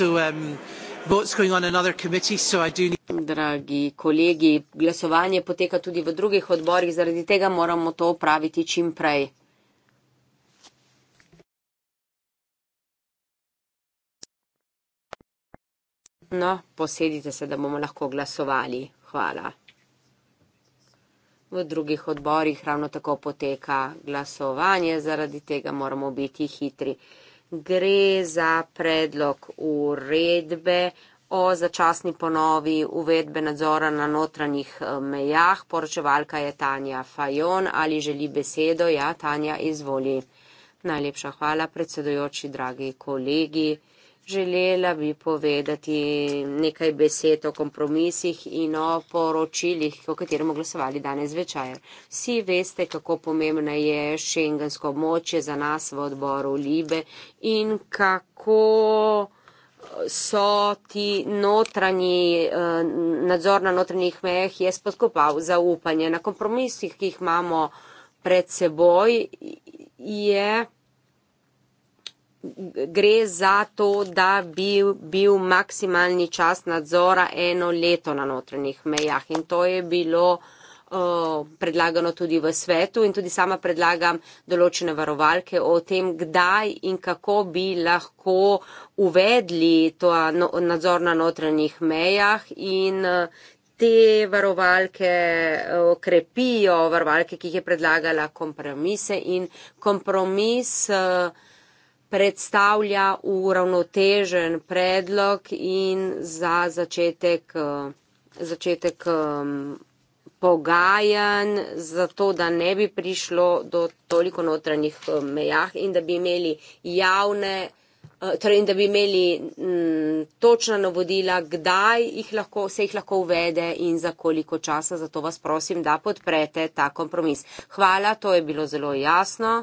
Um, Dragi kolegi, glasovanje poteka tudi v drugih odborih, zaradi tega moramo to upraviti čim prej. No, posedite se, da bomo lahko glasovali. Hvala. V drugih odborih ravno tako poteka glasovanje, zaradi tega moramo biti hitri gre za predlog uredbe o začasni ponovi uvedbe nadzora na notranjih eh, mejah. Poročevalka je Tanja Fajon. Ali želi besedo? Ja, Tanja, izvoli. Najlepša hvala, predsedojoči, dragi kolegi. Želela bi povedati nekaj besed o kompromisih in o poročilih, o katerem bomo glasovali danes večer. Vsi veste, kako pomembna je šengensko moče za nas v odboru Libe in kako so ti notranji eh, nadzor na notranjih mejah je spodkopal zaupanje. Na kompromisih, ki jih imamo pred seboj, je gre za to, da bi bil maksimalni čas nadzora eno leto na notranjih mejah in to je bilo predlagano tudi v svetu in tudi sama predlagam določene varovalke o tem, kdaj in kako bi lahko uvedli to no, nadzor na notranjih mejah in te varovalke krepijo, varovalke, ki jih je predlagala kompromise in kompromis predstavlja uravnotežen predlog in za začetek, eh, začetek um, pogajanj, zato da ne bi prišlo do toliko notranjih eh, mejah in da bi imeli javne, torej in da bi imeli m, mm, točna navodila, kdaj jih lahko, se jih lahko uvede in za koliko časa. Zato vas prosim, da podprete ta kompromis. Hvala, to je bilo zelo jasno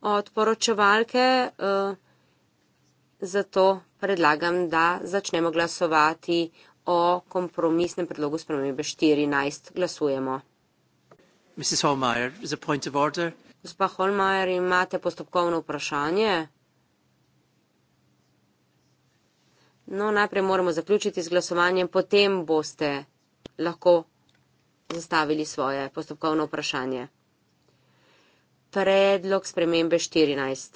od poročevalke, eh, zato predlagam, da začnemo glasovati o kompromisnem predlogu spremembe 14. Glasujemo. Mrs. Holmeyer, is a point of order. Gospa Holmeyer, imate postopkovno vprašanje? No, najprej moramo zaključiti z glasovanjem, potem boste lahko zastavili svoje postopkovno vprašanje predlog spremembe 14.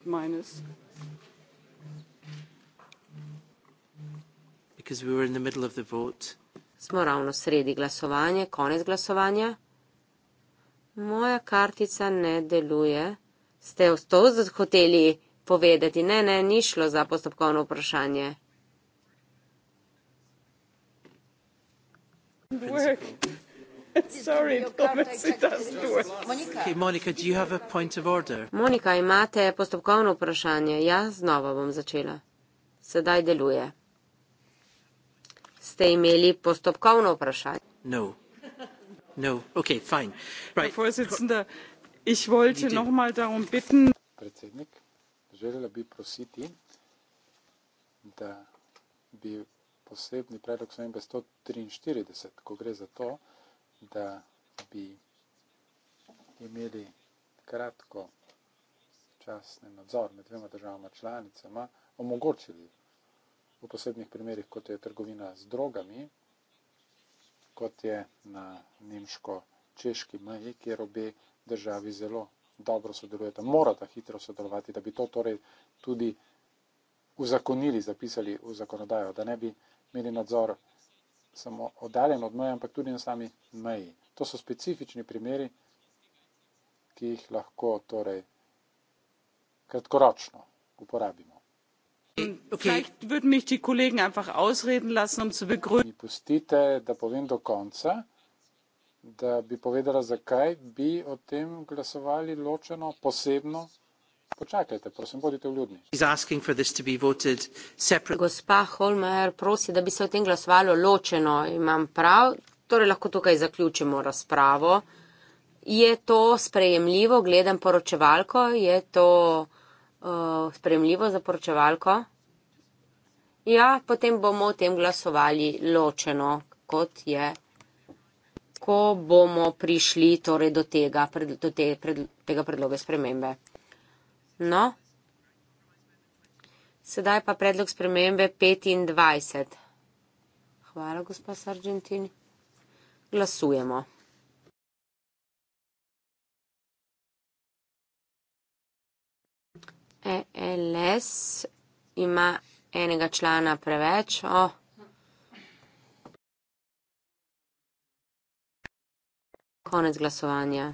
Minus. Because we were in the middle of the vote. Smo ravno sredi glasovanja, konec glasovanja. Moja kartica ne deluje. Ste to hoteli povedati? Ne, ne, ni šlo za postopkovno vprašanje. Work. Sorry, okay, Monika, do you have a point of order? Monika, imate postopkovno vprašanje? Jaz znova bom začela. Sedaj deluje. Ste imeli postopkovno vprašanje? No. No. Okay, fine. Right. Predsednica, ich wollte noch mal darum bitten. Predsednik, želela bi prositi, da bi posebni predlog 143, ko gre za to, da bi imeli kratko časni nadzor med dvema državama članicama, omogočili v posebnih primerih, kot je trgovina z drogami, kot je na nemško-češki meji, kjer obe državi zelo dobro sodelujete, morate hitro sodelovati, da bi to torej tudi uzakonili, zapisali v zakonodajo, da ne bi imeli nadzor samo oddaljen od meje, ampak tudi na sami meji. To so specifični primeri, ki jih lahko torej kratkoročno uporabimo. Okay. Um pustite, da povem do konca, da bi povedala, zakaj bi o tem glasovali ločeno, posebno, Počakajte, prosim, bodite vljudni. Gospa Holmer prosi, da bi se o tem glasovalo ločeno. Imam prav, torej lahko tukaj zaključimo razpravo. Je to sprejemljivo, gledam poročevalko, je to uh, sprejemljivo za poročevalko? Ja, potem bomo o tem glasovali ločeno, kot je, ko bomo prišli torej, do, tega, pred, do te, pred, tega predloga spremembe. No. Sedaj pa predlog spremembe 25. Hvala, gospa Sargentin. Glasujemo. ELS ima enega člana preveč. Oh. Konec glasovanja.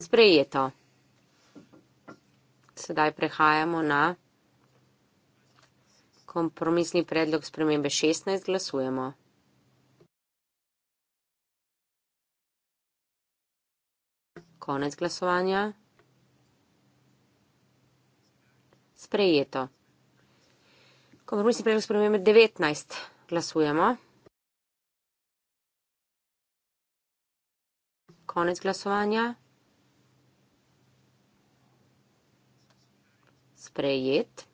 Sprejeto. Sedaj prehajamo na kompromisni predlog spremembe 16. Glasujemo. Konec glasovanja. Sprejeto. Kompromisni predlog spremembe 19. Glasujemo. Konec glasovanja. sprejet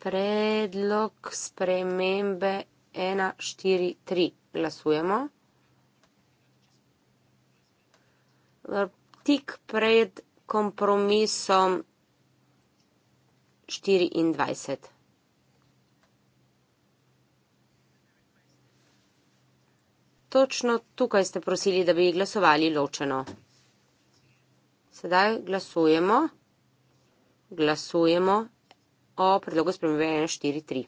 predlog spremembe 1.4.3. Glasujemo. Tik pred kompromisom 24. Točno tukaj ste prosili, da bi glasovali ločeno. Sedaj glasujemo glasujemo o predlogu spremembe 143.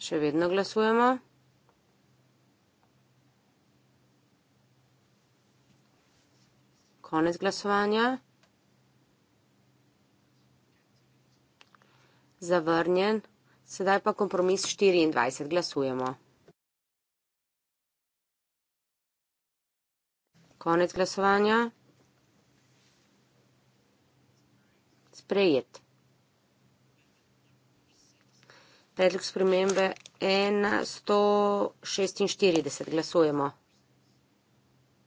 Še vedno glasujemo. Konec glasovanja. Zavrnjen. Sedaj pa kompromis 24. Glasujemo. Konec glasovanja. sprejet. Predlog spremembe 146. Glasujemo.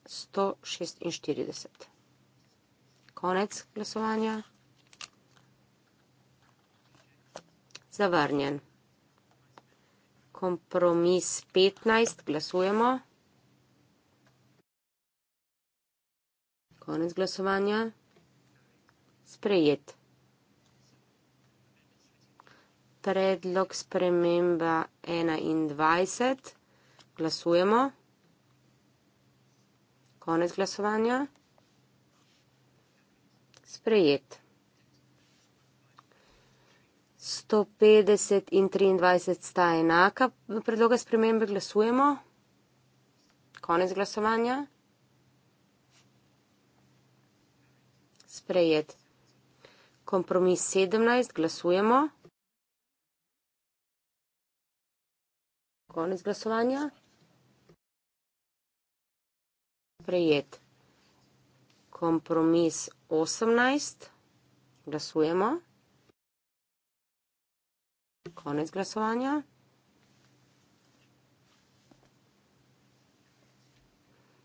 146. Konec glasovanja. Zavrnjen. Kompromis 15. Glasujemo. Konec glasovanja. Sprejet predlog sprememba 21. Glasujemo. Konec glasovanja. Sprejet. 150 in 23 sta enaka predloga spremembe. Glasujemo. Konec glasovanja. Sprejet. Kompromis 17. Glasujemo. Konec glasovanja. Prejet. Kompromis 18. Glasujemo. Konec glasovanja.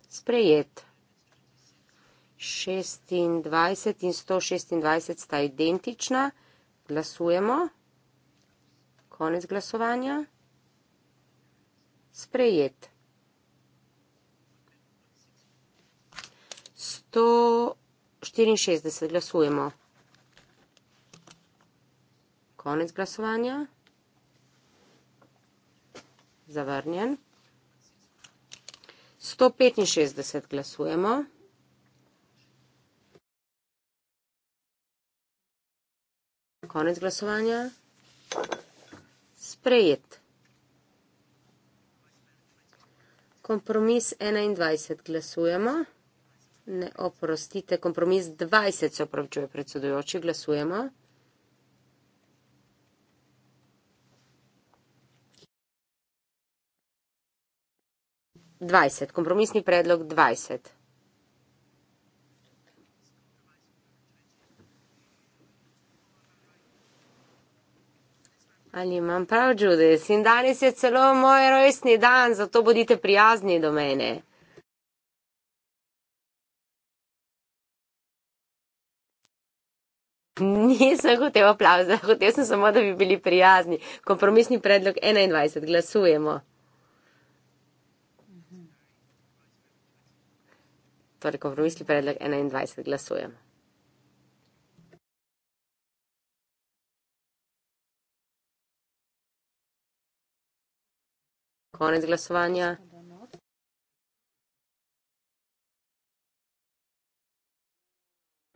Sprejet. 26 in 126 sta identična. Glasujemo. Konec glasovanja sprejet. Sto štiriinšestdeset glasujemo. Konec glasovanja. Zavrnjen. Sto petinšestdeset glasujemo. Konec glasovanja. Sprejet. Kompromis 21 glasujemo. Ne, oprostite, kompromis 20 se opravičuje predsedujoči, glasujemo. Dvajset, kompromisni predlog dvajset. Ali imam prav, Judith? In danes je celo moj rojstni dan, zato bodite prijazni do mene. Nisem hotel aplauza, hotel sem samo, da bi bili prijazni. Kompromisni predlog 21, glasujemo. Torej, kompromisni predlog 21, glasujemo. Konec glasovanja.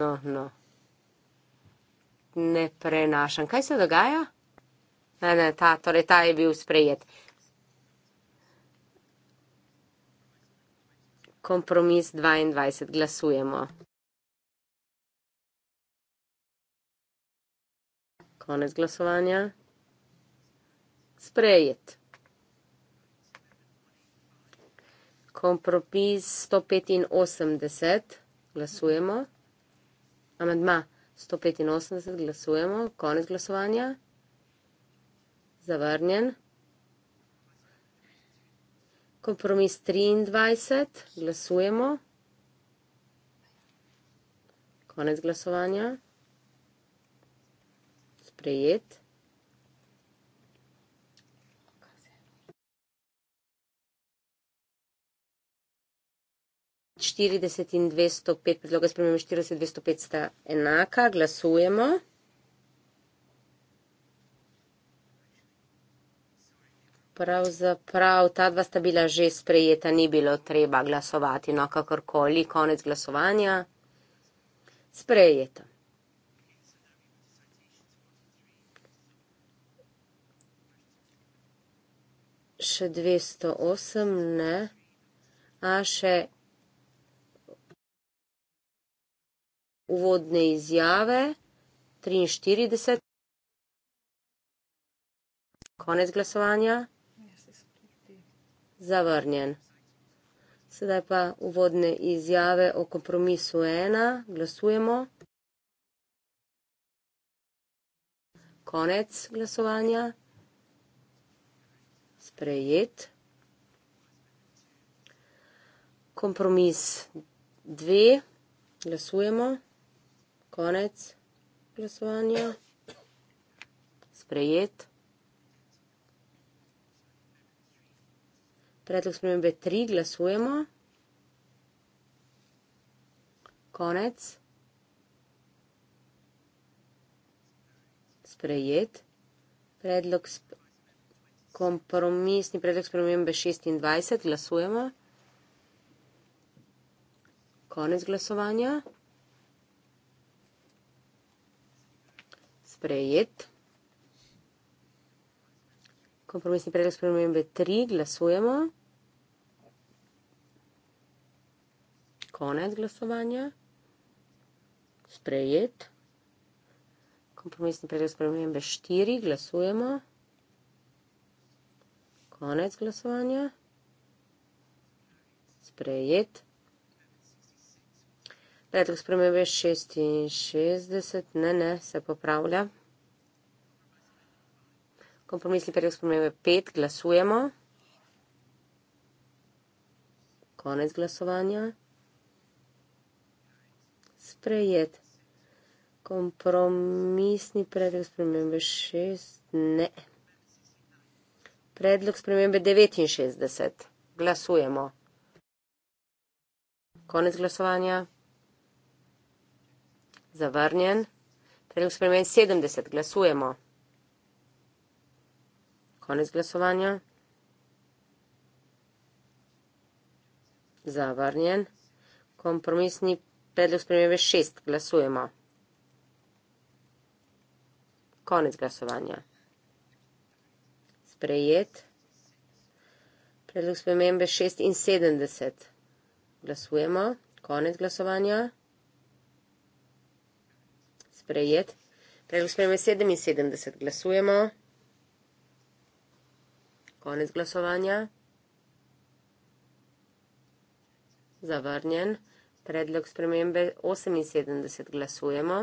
No, no. Ne prenašam. Kaj se dogaja? Ne, ne, ta, torej ta je bil sprejet. Kompromis 22. Glasujemo. Konec glasovanja. Sprejet. kompromis 185, glasujemo. Amedma 185, glasujemo. Konec glasovanja. Zavrnjen. Kompromis 23, glasujemo. Konec glasovanja. Sprejet. 40 in 205 predloga spremembe, 40 in 205 sta enaka, glasujemo. Pravzaprav ta dva sta bila že sprejeta, ni bilo treba glasovati, no kakorkoli, konec glasovanja. Sprejeta. Še 208, ne. A še uvodne izjave 43. Konec glasovanja. Zavrnjen. Sedaj pa uvodne izjave o kompromisu 1. Glasujemo. Konec glasovanja. Sprejet. Kompromis 2. Glasujemo. Konec glasovanja. Sprejet. Predlog spremembe 3 glasujemo. Konec. Sprejet. Predlog sp kompromisni predlog spremembe 26 glasujemo. Konec glasovanja. sprejet. Kompromisni predlog spremembe 3, glasujemo. Konec glasovanja. Sprejet. Kompromisni predlog spremembe 4, glasujemo. Konec glasovanja. Sprejet. Predlog spremembe je 66, ne, ne, se popravlja. Kompromisni predlog spremembe je 5, glasujemo. Konec glasovanja. Sprejet. Kompromisni predlog spremembe 6, ne. Predlog spremembe 69, glasujemo. Konec glasovanja zavrnjen. Predlog spremenj 70. Glasujemo. Konec glasovanja. Zavrnjen. Kompromisni predlog spremenj 6. Glasujemo. Konec glasovanja. Sprejet. Predlog spremenj 6 in 70. Glasujemo. Konec glasovanja sprejet. Predlog sprejme 77, glasujemo. Konec glasovanja. Zavrnjen. Predlog spremembe 78 glasujemo.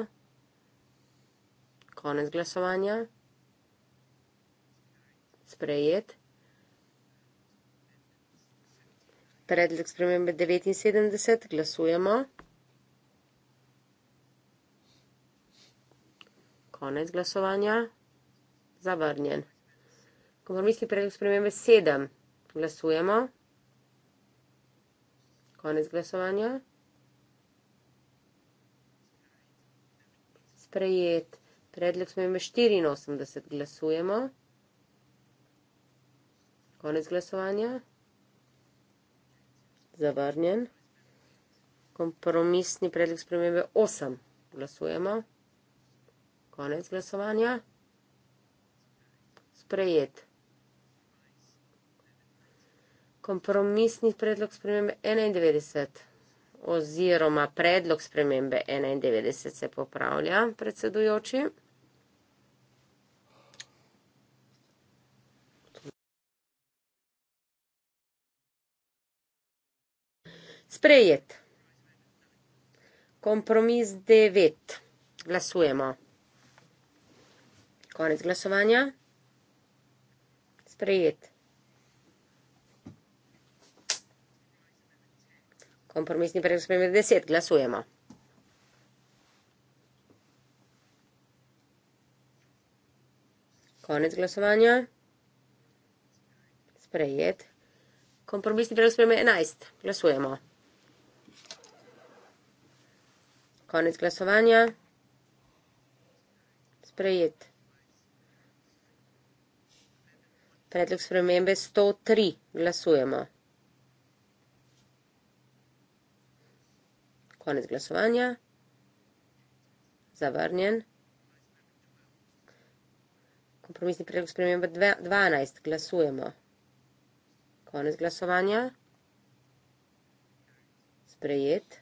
Konec glasovanja. Sprejet. Predlog spremembe 79 glasujemo. konec glasovanja. Zavrnjen. Kompromisni predlog spremembe 7. Glasujemo. Konec glasovanja. Sprejet. Predlog spremembe 84. Glasujemo. Konec glasovanja. Zavrnjen. Kompromisni predlog spremembe 8. Glasujemo. Konec glasovanja. Sprejet. Kompromisni predlog spremembe 91 oziroma predlog spremembe 91 se popravlja predsedujoči. Sprejet. Kompromis 9. Glasujemo konec glasovanja. Sprejet. Kompromisni predlog sprejme 10. Glasujemo. Konec glasovanja. Sprejet. Kompromisni predlog sprejme 11. Glasujemo. Konec glasovanja. Sprejet. Predlog spremembe 103. Glasujemo. Konec glasovanja. Zavrnjen. Kompromisni predlog spremembe 12. Glasujemo. Konec glasovanja. Sprejet.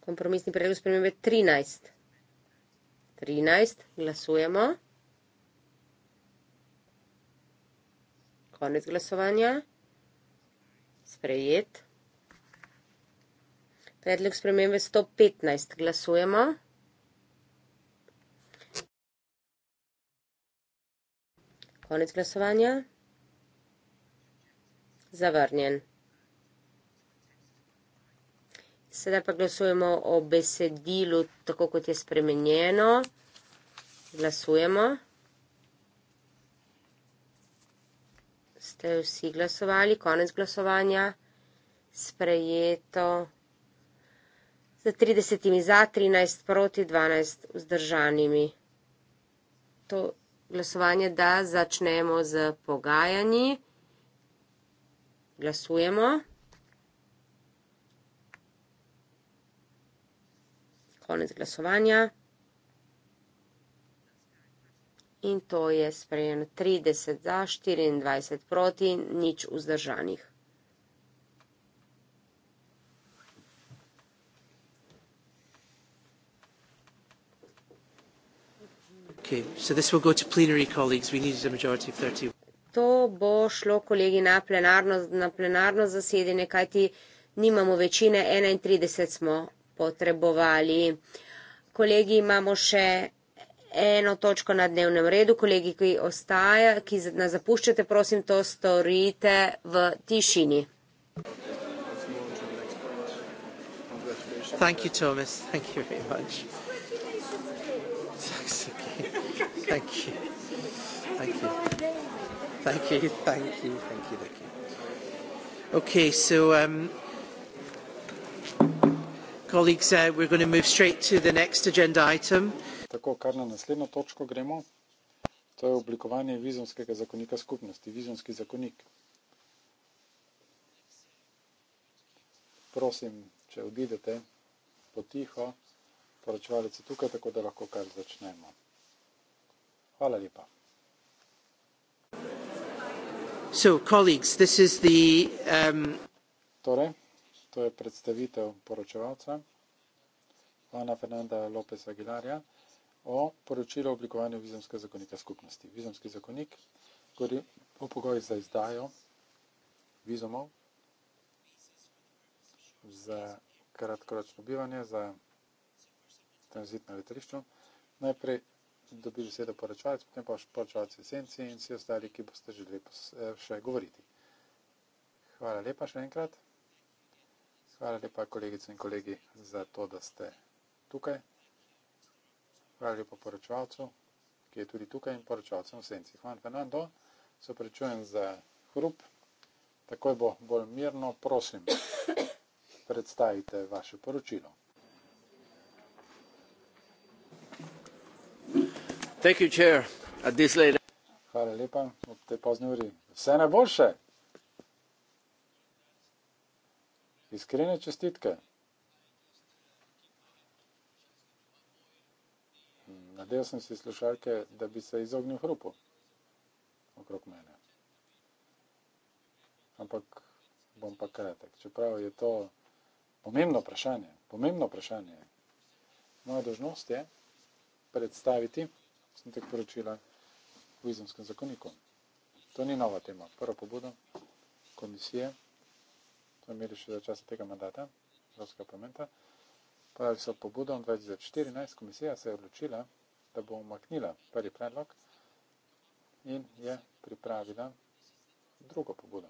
Kompromisni predlog spremembe 13. 13, glasujemo. Konec glasovanja. Sprejet. Predlog spremembe 115, glasujemo. Konec glasovanja. Zavrnjen. Sedaj pa glasujemo o besedilu, tako kot je spremenjeno. Glasujemo. Ste vsi glasovali, konec glasovanja, sprejeto za 30 za, 13 proti, 12 vzdržanimi. To glasovanje, da začnemo z pogajanji. Glasujemo. konec glasovanja. In to je sprejeno 30 za, 24 proti, nič vzdržanih. To bo šlo, kolegi, na plenarno, na plenarno zasedenje, kajti nimamo večine, 31 smo potrebovali. Kolegi imamo še eno točko na dnevnem redu. Kolegi, ki ostaja, ki nas zapuščate, prosim, to storite v tišini. Thank you, Thomas. Thank you very much. Thanks again. Thank you. Thank you. Thank you. Thank you. Thank you. Thank you. Thank you. Okay, so. Um Uh, tako, kar na naslednjo točko gremo, to je oblikovanje vizumskega zakonika skupnosti, vizumski zakonik. Prosim, če odidete potiho, poročevalec je tukaj, tako da lahko kar začnemo. Hvala lepa. So, colleagues, this is the, um... Torej, to je predstavitev poročevalca Juana Fernanda López Aguilarja o poročilu o oblikovanju vizumskega zakonika skupnosti. Vizumski zakonik govori o pogojih za izdajo vizumov za kratkoročno bivanje, za tranzit na letališču. Najprej dobi besedo poročevalec, potem pa poročevalec esenci in vsi ostali, ki boste želeli eh, še govoriti. Hvala lepa še enkrat. Hvala lepa, kolegice in kolegi, za to, da ste tukaj. Hvala lepa poročevalcu, ki je tudi tukaj in poročevalcem v senci. Juan Fernando, se prečujem za hrup. Takoj bo bolj mirno, prosim, predstavite vaše poročilo. Hvala lepa, ob tej pozni uri. Vse najboljše! Iskrene čestitke. Nadel sem si slušalke, da bi se izognil hrupu okrog mene. Ampak bom pa kratek. Čeprav je to pomembno vprašanje, pomembno vprašanje. Moja dožnost je predstaviti osnutek poročila v izemskem zakoniku. To ni nova tema. Prvo pobudo komisije to je imeli še za časa tega mandata Evropskega parlamenta. Podali so pobudo in 2014 komisija se je odločila, da bo umaknila prvi predlog in je pripravila drugo pobudo.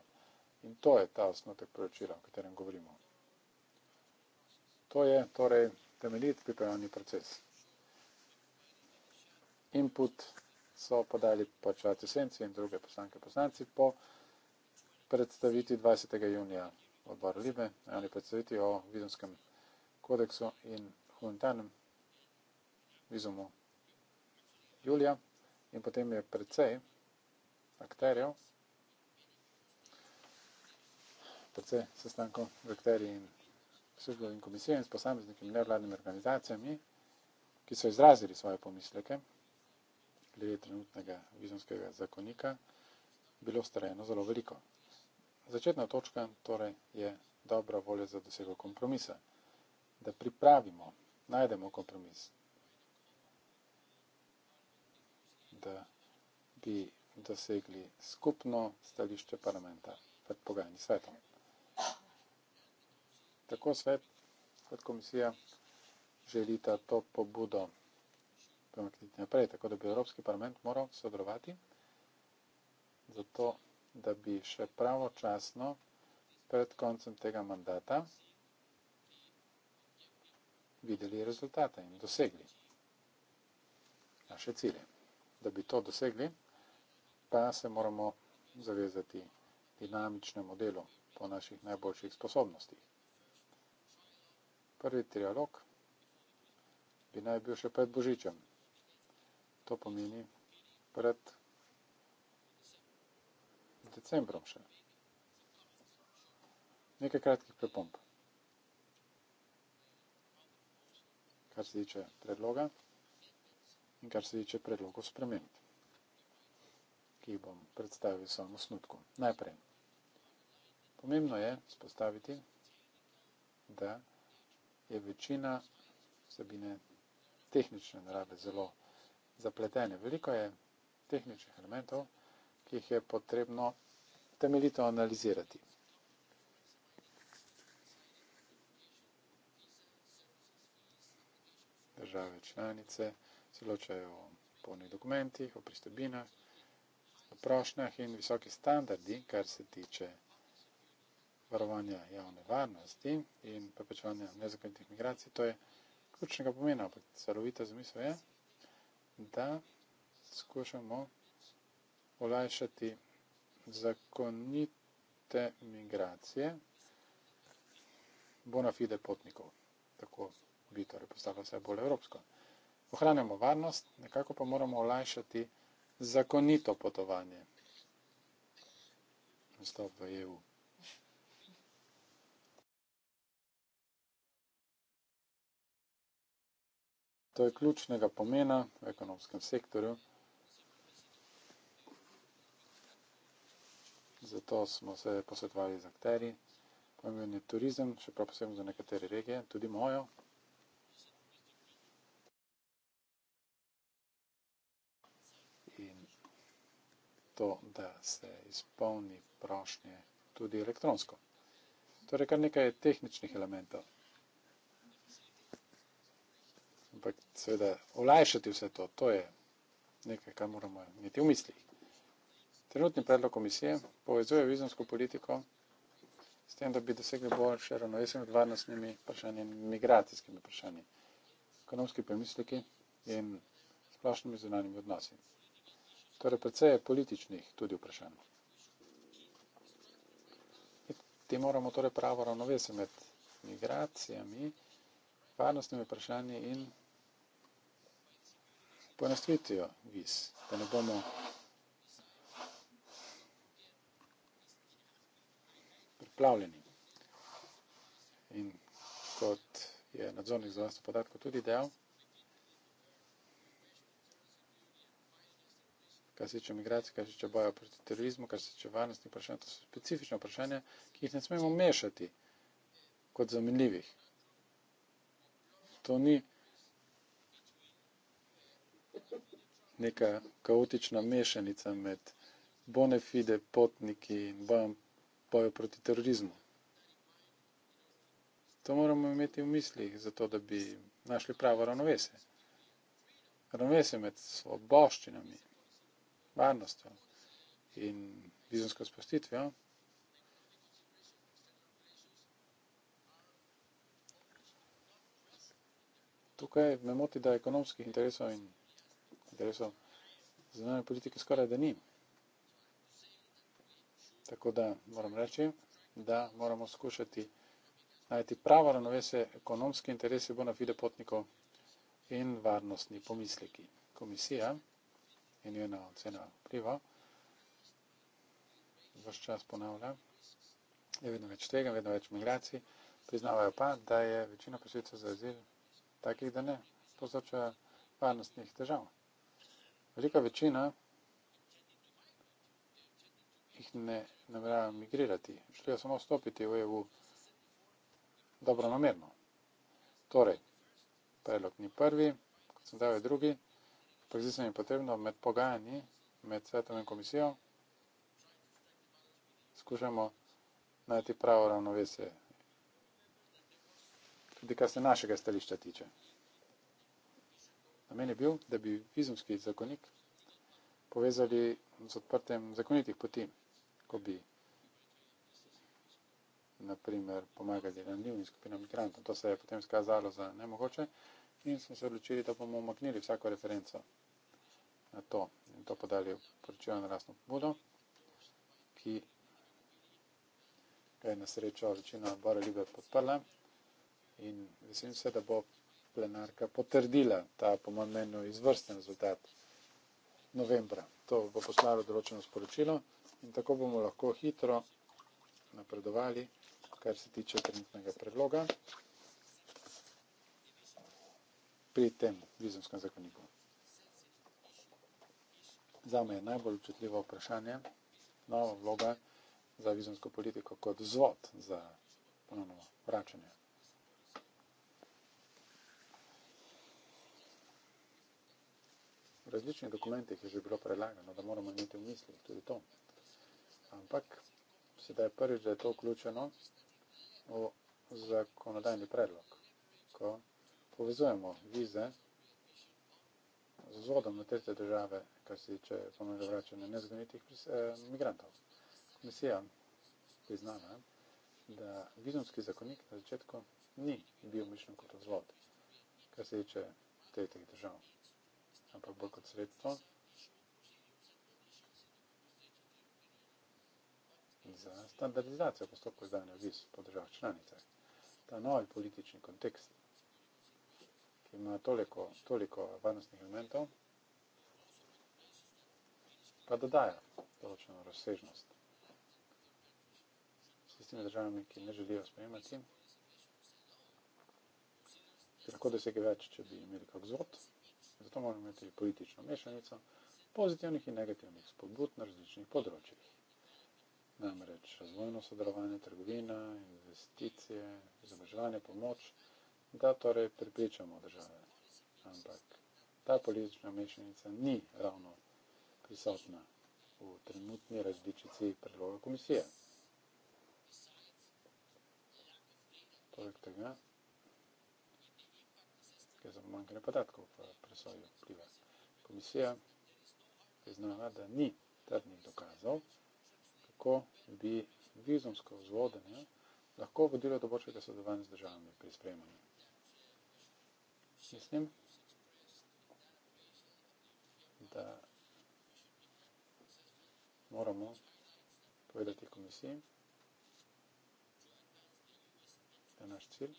In to je ta osnotek poročila, o katerem govorimo. To je torej temeljit pripravljeni proces. Input so podali poslanci in druge poslanke poslanci po predstavitvi 20. junija odboru Libe ali predstaviti o vizumskem kodeksu in humanitarnem vizumu Julija. In potem je precej akterjev, precej sestankov v akterji in službo in komisijo in s posameznikimi nevladnimi organizacijami, ki so izrazili svoje pomisleke glede trenutnega vizumskega zakonika, bilo strajeno zelo veliko. Začetna točka torej je dobra volja za dosego kompromisa, da pripravimo, najdemo kompromis, da bi dosegli skupno stališče parlamenta pred pogajanji svetom. Tako svet kot komisija želita to pobudo premakniti naprej, tako da bi Evropski parlament moral sodelovati. Zato da bi še pravočasno pred koncem tega mandata videli rezultate in dosegli naše cilje. Da bi to dosegli, pa se moramo zavezati dinamičnemu delu po naših najboljših sposobnostih. Prvi trialog bi naj bil še pred Božičem. To pomeni pred decembrom še. Nekaj kratkih pripomb. Kar se tiče predloga in kar se tiče predlogov sprememb, ki jih bom predstavil samo v snutku. Najprej. Pomembno je spostaviti, da je večina vsebine tehnične narave zelo zapletene. Veliko je tehničnih elementov, ki jih je potrebno temeljito analizirati. Države članice se ločajo o polnih dokumentih, o pristojbinah, o prošnjah in visoki standardi, kar se tiče varovanja javne varnosti in preprečevanja nezakonitih migracij. To je ključnega pomena, ampak celovita zamisel je, da skušamo olajšati zakonite migracije bona fide potnikov. Tako bi torej postalo vse bolj evropsko. Ohranjamo varnost, nekako pa moramo olajšati zakonito potovanje. Vstop v EU. To je ključnega pomena v ekonomskem sektorju. zato smo se posvetovali z akteri. Pomemben je turizem, še prav posebno za nekatere regije, tudi mojo. In to, da se izpolni prošnje tudi elektronsko. Torej, kar nekaj tehničnih elementov. Ampak, seveda, olajšati vse to, to je nekaj, kar moramo imeti v mislih. Trenutni predlog komisije povezuje vizumsko politiko s tem, da bi dosegli boljše ravnovesje med varnostnimi vprašanji in migracijskimi vprašanji, ekonomski premisliki in splošnimi zunanjimi odnosi. Torej, predvsej je političnih tudi vprašanj. Ti moramo torej pravo ravnovesje med migracijami, varnostnimi vprašanji in poenostavitvijo viz, da ne bomo poplavljeni. In kot je nadzornik za vas podatkov tudi dejal, kar se tiče migracije, kar se tiče boja proti terorizmu, kar se tiče varnostnih vprašanj, to so specifična vprašanja, ki jih ne smemo mešati kot zamenljivih. To ni neka kaotična mešanica med bonefide, potniki in bojem boju proti terorizmu. To moramo imeti v mislih, zato da bi našli pravo ravnovesje. Ravnovesje med svoboščinami, varnostjo in vizumsko spustitvijo. Tukaj me moti, da ekonomskih interesov in interesov zunanje politike skoraj da nima. Tako da moram reči, da moramo skušati najti pravo ravnovesje ekonomske interese bonafide potnikov in varnostni pomisleki. Komisija in njena ocena vpliva vse čas ponavlja, je vedno več tega, vedno več migracij, priznavajo pa, da je večina prosilcev za azil takih, da ne povzročajo varnostnih težav. Velika večina jih ne nameravam migrirati, želijo samo vstopiti v EU dobronamerno. Torej, predlog ni prvi, kot sem dal je drugi, pa zdi se mi potrebno med pogajanji, med svetom in komisijo, skušamo najti pravo ravnovesje, tudi kar se našega stališča tiče. Namen je bil, da bi vizumski zakonik povezali z odprtjem zakonitih poti kako bi naprimer pomagali ranljivim skupinam migrantov. To se je potem skazalo za nemogoče in smo se odločili, da bomo umaknili vsako referenco na to in to podali v poročilo na rastno pobudo, ki ga je na srečo večina odbora Libe podprla in veselim se, da bo plenarka potrdila ta pomembeno izvrsten rezultat novembra. To bo poslalo določeno sporočilo in tako bomo lahko hitro napredovali, kar se tiče trenutnega predloga pri tem vizumskem zakoniku. Za me je najbolj občutljivo vprašanje, nova vloga za vizumsko politiko kot vzvod za ponovno vračanje. V različnih dokumentih je že bilo predlagano, da moramo imeti v mislih tudi to ampak sedaj prvič, da je to vključeno v zakonodajni predlog, ko povezujemo vize z vzvodom na tretje države, kar se tiče pomenega vračanja nezakonitih eh, migrantov. Komisija priznala, da vizumski zakonik na začetku ni bil mišljen kot vzvod, kar se tiče tretjih držav, ampak bolj kot sredstvo za standardizacijo postopkov izdajanja viz po državah članicah. Ta novi politični kontekst, ki ima toliko, toliko varnostnih elementov, pa dodaja določeno razsežnost s tistimi državami, ki ne želijo sprejemati, ki lahko dosegajo več, če bi imeli kak zvod. Zato moramo imeti politično mešanico pozitivnih in negativnih spodbud na različnih področjih namreč razvojno sodelovanje, trgovina, investicije, izobraževanje, pomoč, da torej pripričamo države. Ampak ta politična mešanica ni ravno prisotna v trenutni različici predloga komisije. Poleg tega, ker za pomankanje podatkov v presoji vpliva komisija, priznava, da ni trdnih dokazov, lahko bi vizumsko vzvodenje lahko vodilo do boljšega sodelovanja z državami pri sprejemanju. Mislim, da moramo povedati komisiji, da je naš cilj,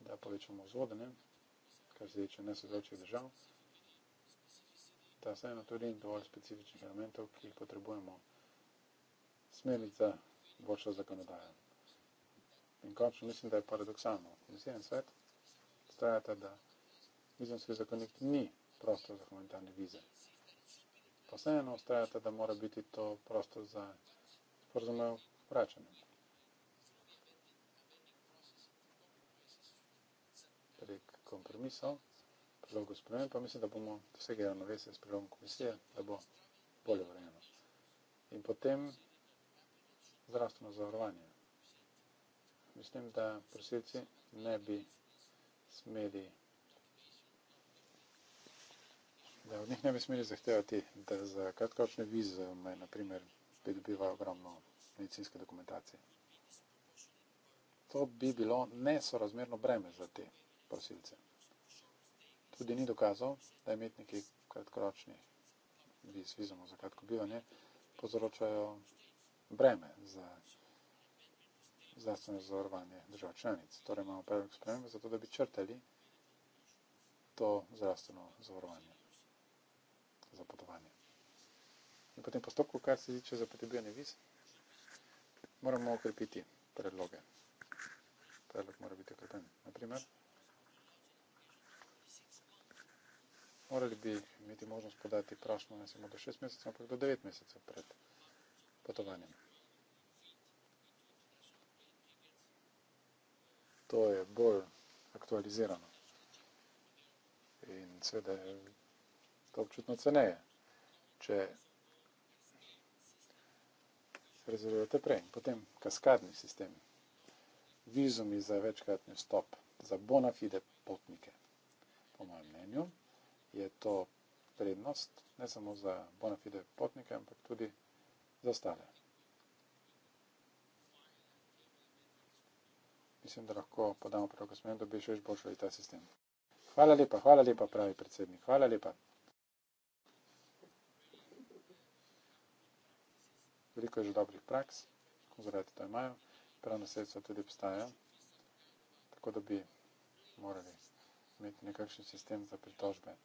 da povečamo vzvodenje, kar se tiče nesodelujočih držav da se eno tudi in dovolj specifičnih elementov, ki jih potrebujemo. Smerica, boljša zakonodaja. In končno mislim, da je paradoksalno. Vsi en svet stojata, da vizumski zakonik ni prostor za humanitarne vize. Pa vseeno ostajate, da mora biti to prostor za sporozumev vračanje. Prek kompromisov predlogu spremenj, pa mislim, da bomo dosegli ravnovesje s predlogom komisije, da bo bolje urejeno. In potem zdravstveno zavarovanje. Mislim, da prosilci ne bi smeli, da od njih ne bi smeli zahtevati, da za kratkoročne vize me naprimer pridobiva ogromno medicinske dokumentacije. To bi bilo nesorazmerno breme za te prosilce tudi ni dokazal, da imetniki kratkoročni viz, vizom za kratko bivanje povzročajo breme za zdravstveno zavarovanje držav članic. Torej imamo predlog spremembe za to, da bi črtali to zdravstveno zavarovanje za potovanje. In potem postopku, kar se tiče za potrebujanje viz, moramo okrepiti predloge. Predlog mora biti okrepen. Naprimer, morali bi imeti možnost podati prašno ne samo do 6 mesecev, ampak do 9 mesecev pred potovanjem. To je bolj aktualizirano. In seveda je to občutno ceneje, če rezervirate prej. Potem kaskadni sistem, vizumi za večkratni stop, za bona fide potnike, po mojem mnenju, je to prednost, ne samo za bona fide potnike, ampak tudi za stale. Mislim, da lahko podamo prav, ko smo jim dobili še boljšo ta sistem. Hvala lepa, hvala lepa, pravi predsednik. Hvala lepa. Veliko je že dobrih praks, konzulati to imajo, pravna sredstva tudi obstajajo, tako da bi morali imeti nekakšen sistem za pritožbe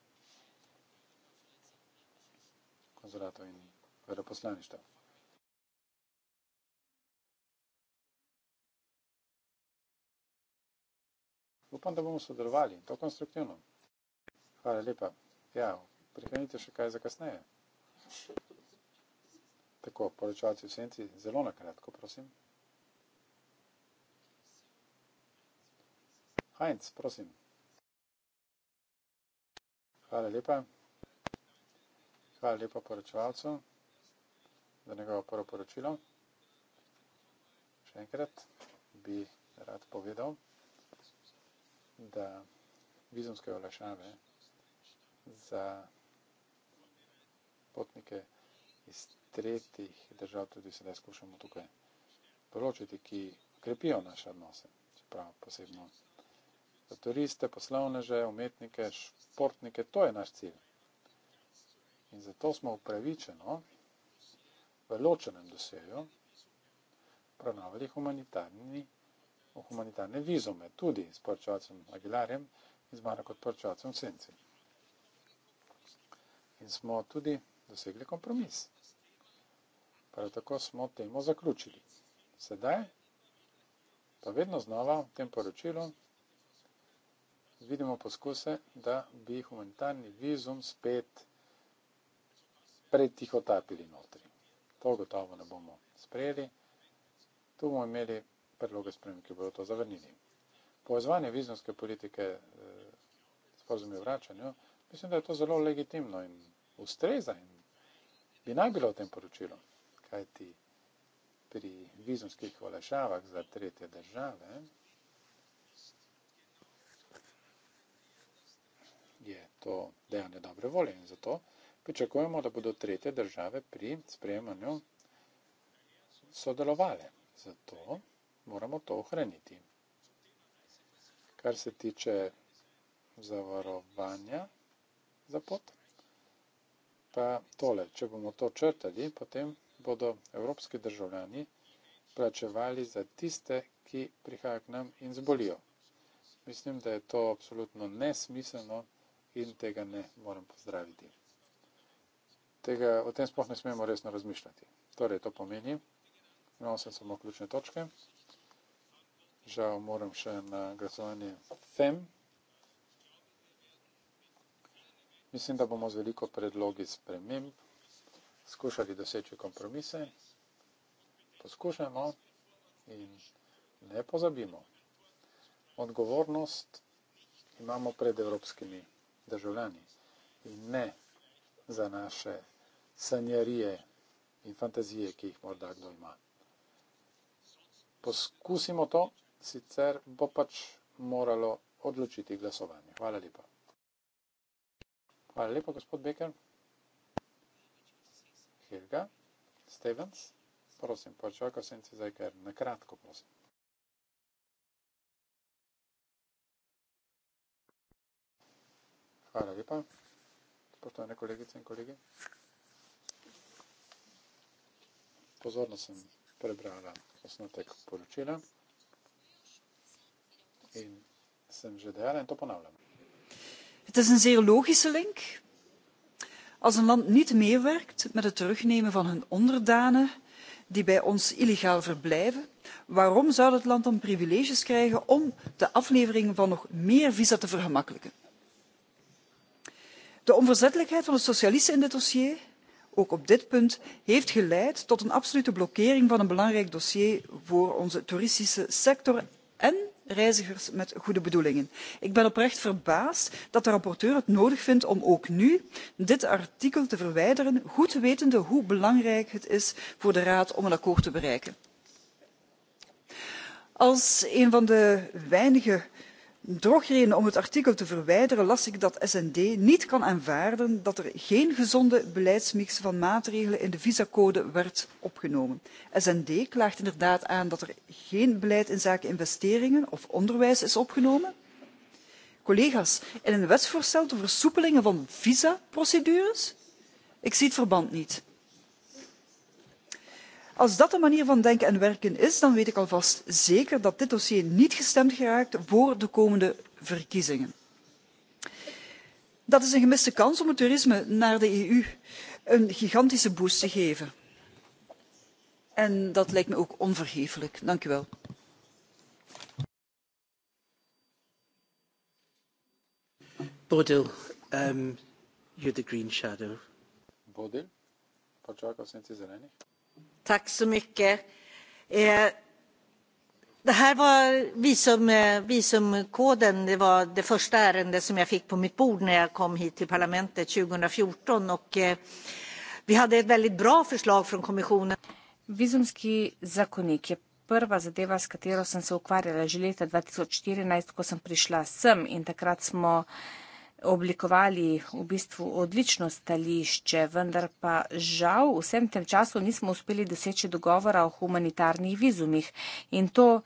konzulatov in veleposlaništev. Upam, da bomo sodelovali in to konstruktivno. Hvala lepa. Ja, prihranite še kaj za kasneje. Tako, poročevalci v senci, zelo nakratko, prosim. Heinz, prosim. Hvala lepa. Hvala lepa poročevalcu za njegovo prvo poročilo. Še enkrat bi rad povedal, da vizumske olajšave za potnike iz tretjih držav, tudi sedaj skušamo tukaj določiti, ki krepijo naše odnose, čeprav posebno za turiste, poslovneže, umetnike, športnike, to je naš cilj. In zato smo upravičeno v ločenem doseju pranovali humanitarni, humanitarne vizume, tudi s porčovcem Aguilarjem in z Marko porčovcem Senci. In smo tudi dosegli kompromis. Prav tako smo temu zaključili. Sedaj pa vedno znova v tem poročilu vidimo poskuse, da bi humanitarni vizum spet pretihotapili notri. To gotovo ne bomo sprejeli. Tu bomo imeli predloge spremembe, ki bodo to zavrnili. Povezovanje vizumske politike eh, s pozivom o vračanju, mislim, da je to zelo legitimno in ustreza in bi naj bilo o tem poročilo, kaj ti pri vizumskih olešavah za tretje države je to dejanje dobre volje in zato pričakujemo, da bodo tretje države pri sprejemanju sodelovali. Zato moramo to ohraniti. Kar se tiče zavarovanja za pot, pa tole, če bomo to črtali, potem bodo evropski državljani plačevali za tiste, ki prihajajo k nam in zbolijo. Mislim, da je to absolutno nesmiselno in tega ne moram pozdraviti tega, o tem sploh ne smemo resno razmišljati. Torej, to pomeni, imamo sem samo ključne točke, žal moram še na glasovanje FEM. Mislim, da bomo z veliko predlogi sprememb skušali doseči kompromise. Poskušajmo in ne pozabimo. Odgovornost imamo pred evropskimi državljani in ne za naše sanjarije in fantazije, ki jih morda kdo ima. Poskusimo to, sicer bo pač moralo odločiti glasovanje. Hvala lepa. Hvala lepa, gospod Becker. Helga, Stevens, prosim, počakaj, sem si zdaj kar na kratko, prosim. Hvala lepa, spoštovane kolegice in kolegi pozorno sem prebrala osnotek poročila in sem že dejala in to ponavljam. Het is een zeer logische link. Als een land niet meewerkt met het terugnemen van hun onderdanen die bij ons illegaal verblijven, waarom zou het land dan privileges krijgen om de aflevering van nog meer visa te vergemakkelijken? De onverzettelijkheid van de socialisten in dit dossier ook op dit punt heeft geleid tot een absolute blokkering van een belangrijk dossier voor onze toeristische sector en reizigers met goede bedoelingen. Ik ben oprecht verbaasd dat de rapporteur het nodig vindt om ook nu dit artikel te verwijderen, goed wetende hoe belangrijk het is voor de Raad om een akkoord te bereiken. Als een van de weinige drogreden om het artikel te verwijderen, las ik dat SND niet kan aanvaarden dat er geen gezonde beleidsmix van maatregelen in de visacode werd opgenomen. SND klaagt inderdaad aan dat er geen beleid in zaken investeringen of onderwijs is opgenomen. Collega's, in een wetsvoorstel te versoepelingen van visaprocedures? Ik zie het verband niet. Als dat de manier van denken en werken is, dan weet ik alvast zeker dat dit dossier niet gestemd geraakt voor de komende verkiezingen. Dat is een gemiste kans om het toerisme naar de EU een gigantische boost te geven. En dat lijkt me ook onvergeeflijk. Dank u wel. Bodil, um, you're the green shadow. Bodil? Pachaka, sinds is er eindig. Eh, eh, visumkoden var det första ärende som jag fick på mitt bord när jag kom hit till parlamentet 2014. Eh, vi hade ett väldigt bra förslag från kommissionen. Vizumski zakonik je prva zadeva, s katero sem se ukvarjala že leta 2014, ko sem prišla sem in takrat smo oblikovali v bistvu odlično stališče, vendar pa žal vsem tem času nismo uspeli doseči dogovora o humanitarnih vizumih. In to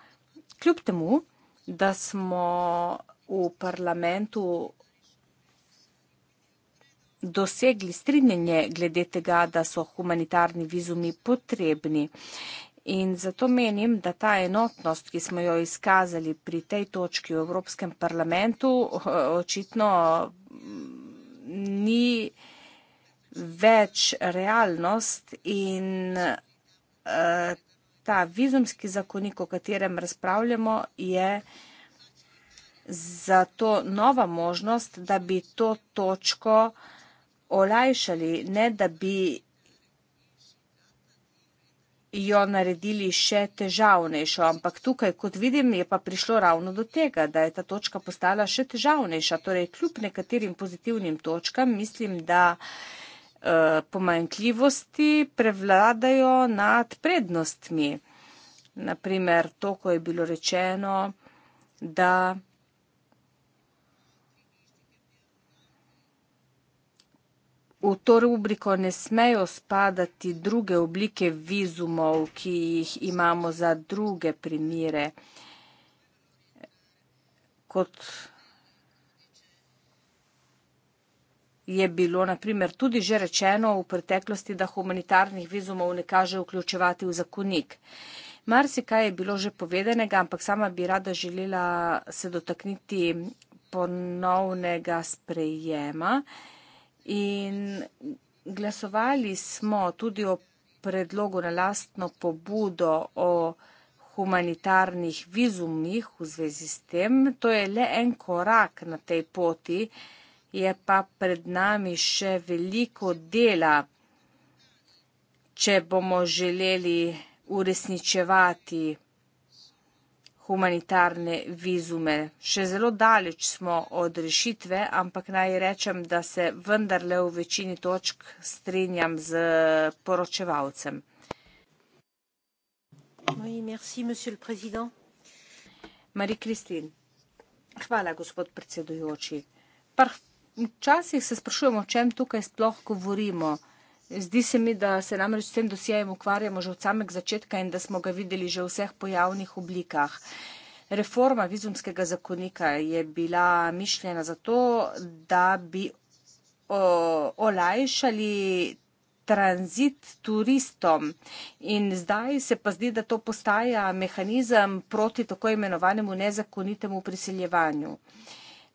kljub temu, da smo v parlamentu dosegli strinjenje glede tega, da so humanitarni vizumi potrebni. In zato menim, da ta enotnost, ki smo jo izkazali pri tej točki v Evropskem parlamentu, eh, očitno mm, ni več realnost in eh, ta vizumski zakonik, o katerem razpravljamo, je zato nova možnost, da bi to točko olajšali, ne da bi jo naredili še težavnejšo, ampak tukaj, kot vidim, je pa prišlo ravno do tega, da je ta točka postala še težavnejša. Torej, kljub nekaterim pozitivnim točkam, mislim, da eh, pomanjkljivosti prevladajo nad prednostmi. Naprimer, to, ko je bilo rečeno, da v to rubriko ne smejo spadati druge oblike vizumov, ki jih imamo za druge primere, kot je bilo naprimer tudi že rečeno v preteklosti, da humanitarnih vizumov ne kaže vključevati v zakonik. Mar si kaj je bilo že povedanega, ampak sama bi rada želela se dotakniti ponovnega sprejema. In glasovali smo tudi o predlogu na lastno pobudo o humanitarnih vizumih v zvezi s tem. To je le en korak na tej poti, je pa pred nami še veliko dela, če bomo želeli uresničevati humanitarne vizume. Še zelo daleč smo od rešitve, ampak naj rečem, da se vendarle v večini točk strinjam z poročevalcem. Marie-Christine. Hvala, gospod predsedujoči. Včasih se sprašujemo, o čem tukaj sploh govorimo. Zdi se mi, da se namreč s tem dosjejem ukvarjamo že od samega začetka in da smo ga videli že v vseh pojavnih oblikah. Reforma vizumskega zakonika je bila mišljena zato, da bi o, olajšali tranzit turistom in zdaj se pa zdi, da to postaja mehanizem proti tako imenovanemu nezakonitemu priseljevanju.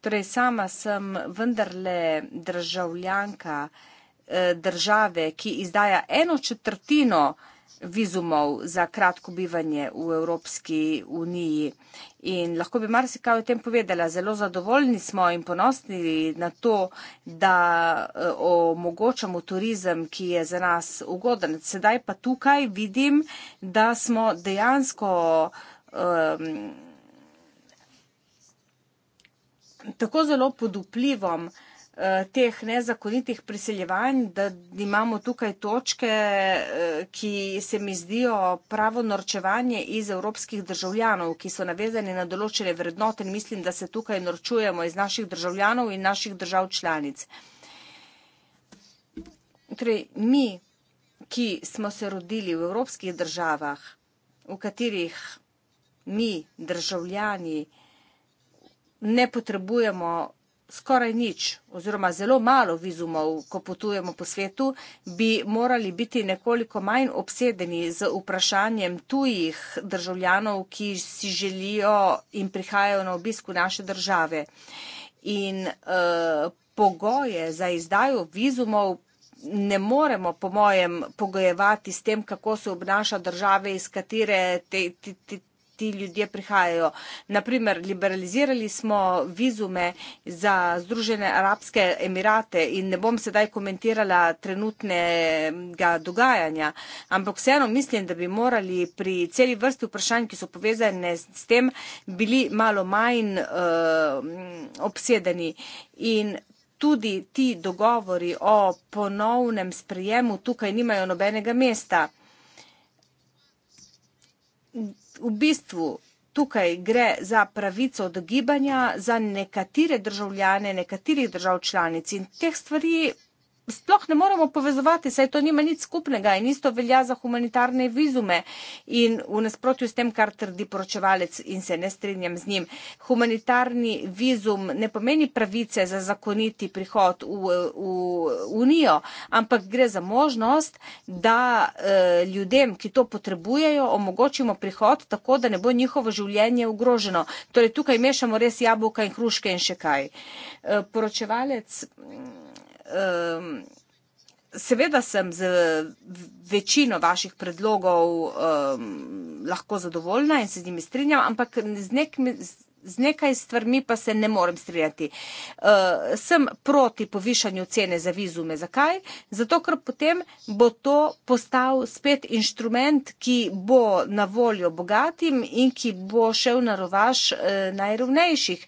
Torej, sama sem vendarle državljanka, Eh, države, ki izdaja eno četrtino vizumov za kratko bivanje v Evropski uniji. In lahko bi marsikaj o tem povedala. Zelo zadovoljni smo in ponosni na to, da eh, omogočamo turizem, ki je za nas ugoden. Sedaj pa tukaj vidim, da smo dejansko. Um, tako zelo pod vplivom uh, Eh, teh nezakonitih priseljevanj, da imamo tukaj točke, eh, ki se mi zdijo pravo norčevanje iz evropskih državljanov, ki so navezani na določene vrednote in mislim, da se tukaj norčujemo iz naših državljanov in naših držav članic. Torej, mi, ki smo se rodili v evropskih državah, v katerih mi, državljani, ne potrebujemo skoraj nič oziroma zelo malo vizumov, ko potujemo po svetu, bi morali biti nekoliko manj obsedeni z vprašanjem tujih državljanov, ki si želijo in prihajajo na obisku naše države. In uh, pogoje za izdajo vizumov ne moremo, po mojem, pogojevati s tem, kako se obnaša države, iz katere te, te, te, ti ljudje prihajajo. Naprimer, liberalizirali smo vizume za Združene arabske emirate in ne bom sedaj komentirala trenutnega dogajanja, ampak vseeno mislim, da bi morali pri celi vrsti vprašanj, ki so povezane s tem, bili malo manj uh, obsedeni. In tudi ti dogovori o ponovnem sprejemu tukaj nimajo nobenega mesta v bistvu tukaj gre za pravico odgibanja za nekatere državljane nekaterih držav članic in teh stvari sploh ne moremo povezovati, saj to nima nič skupnega in isto velja za humanitarne vizume in v nasprotju s tem, kar trdi poročevalec in se ne strinjam z njim. Humanitarni vizum ne pomeni pravice za zakoniti prihod v, v Unijo, ampak gre za možnost, da eh, ljudem, ki to potrebujejo, omogočimo prihod tako, da ne bo njihovo življenje ogroženo. Torej, tukaj mešamo res jabolka in hruške in še kaj. Eh, poročevalec um, seveda sem z večino vaših predlogov um, lahko zadovoljna in se z njimi strinjam, ampak z nekimi. Z nekaj stvarmi pa se ne morem strinjati. Uh, sem proti povišanju cene za vizume. Zakaj? Zato, ker potem bo to postal spet inštrument, ki bo na voljo bogatim in ki bo šel na rovaž uh, eh, najrovnejših.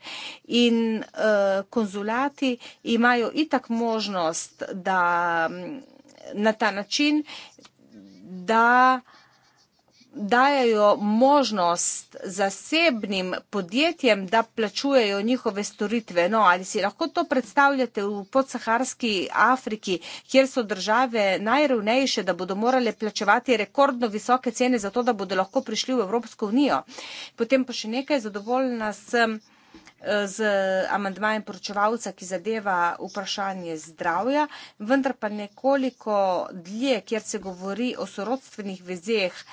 In uh, konzulati imajo itak možnost, da mm, na ta način, da dajajo možnost zasebnim podjetjem, da plačujejo njihove storitve. No, ali si lahko to predstavljate v podsaharski Afriki, kjer so države najrevnejše, da bodo morale plačevati rekordno visoke cene za to, da bodo lahko prišli v Evropsko unijo. Potem pa še nekaj, zadovoljna sem eh, z amandmajem poročevalca, ki zadeva vprašanje zdravja, vendar pa nekoliko dlje, kjer se govori o sorodstvenih vezeh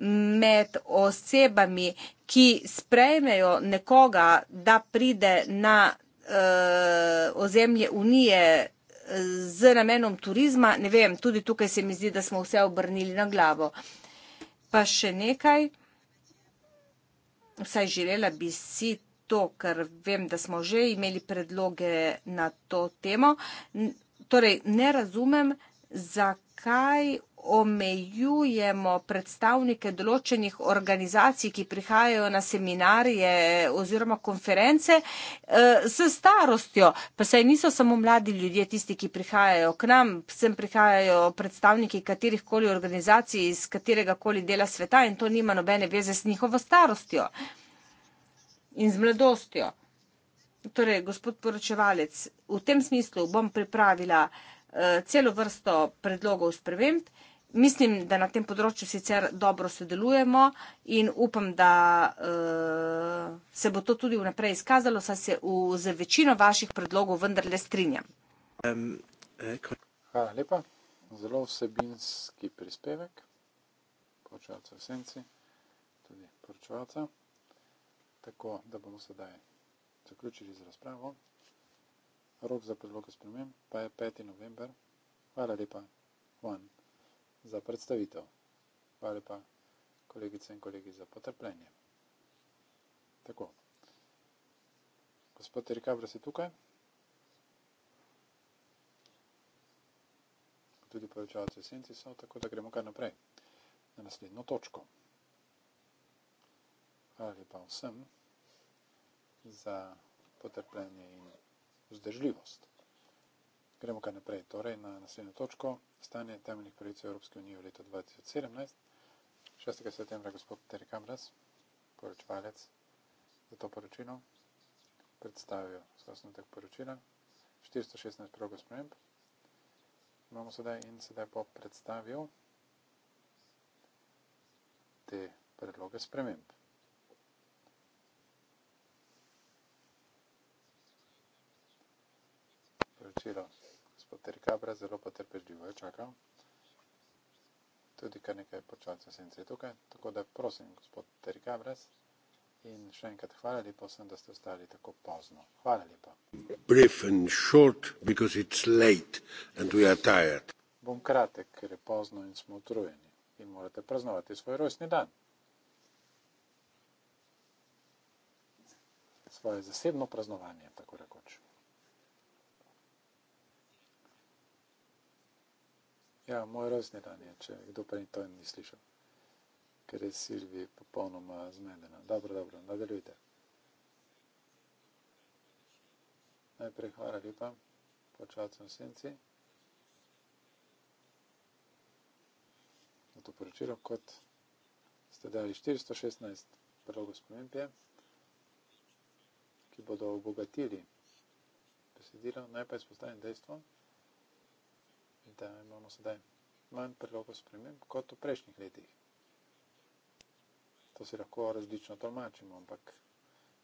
med osebami, ki sprejmejo nekoga, da pride na uh, ozemlje Unije eh, z namenom turizma, ne vem, tudi tukaj se mi zdi, da smo vse obrnili na glavo. Pa še nekaj, vsaj želela bi si to, ker vem, da smo že imeli predloge na to temo. Torej, ne razumem, zakaj omejujemo predstavnike določenih organizacij, ki prihajajo na seminarije oziroma konference z eh, starostjo. Pa saj niso samo mladi ljudje tisti, ki prihajajo k nam, sem prihajajo predstavniki katerih koli organizacij iz katerega koli dela sveta in to nima nobene veze s njihovo starostjo in z mladostjo. Torej, gospod poročevalec, v tem smislu bom pripravila eh, celo vrsto predlogov sprememb. Mislim, da na tem področju sicer dobro sodelujemo in upam, da eh, se bo to tudi vnaprej izkazalo, saj se v, z večino vaših predlogov vendarle strinjam. Eh, Hvala lepa. Zelo vsebinski prispevek. Poročevalce v senci, tudi poročevalca. Tako, da bomo sedaj zaključili z razpravo. Rok za predloge spremem pa je 5. november. Hvala lepa. One za predstavitev. Hvala pa kolegice in kolegi za potrpljenje. Tako. Gospod Terikabra, si tukaj? Tudi povečavci esenci so, tako da gremo kar naprej na naslednjo točko. Hvala lepa vsem za potrpljenje in vzdržljivost. Gremo kar naprej, torej na naslednjo točko, stanje temeljnih pravic Evropske unije v letu 2017. 6. septembra gospod Terek Amras, poročevalec za to poročilo, predstavil osnovnotek poročila, 416 prvogo sprememb. Imamo sedaj in sedaj bo predstavil te predloge sprememb. Poročilo 416 gospod Terikabra, zelo potrpežljivo je čakal. Tudi kar nekaj počasi vse je tukaj. Tako da prosim, gospod Terikabra, in še enkrat hvala lepa vsem, da ste ostali tako pozno. Hvala lepa. Brief and short, because it's late and we are tired. Bom kratek, ker je pozno in smo utrujeni in morate praznovati svoj rojstni dan. Svoje zasebno praznovanje, tako rekoč. Ja, moj rojstni dan je, če kdo prej to ni slišal, ker je Silvi popolnoma zmedena. Dobro, dobro, nadaljujte. Najprej hvala lepa, počasno senci. Na to poročilo, kot ste dali 416 predlogov sprememb, ki bodo obogatili besedilo, naj pa izpostavim dejstvo da imamo sedaj manj predlogov sprememb kot v prejšnjih letih. To si lahko različno tolmačimo, ampak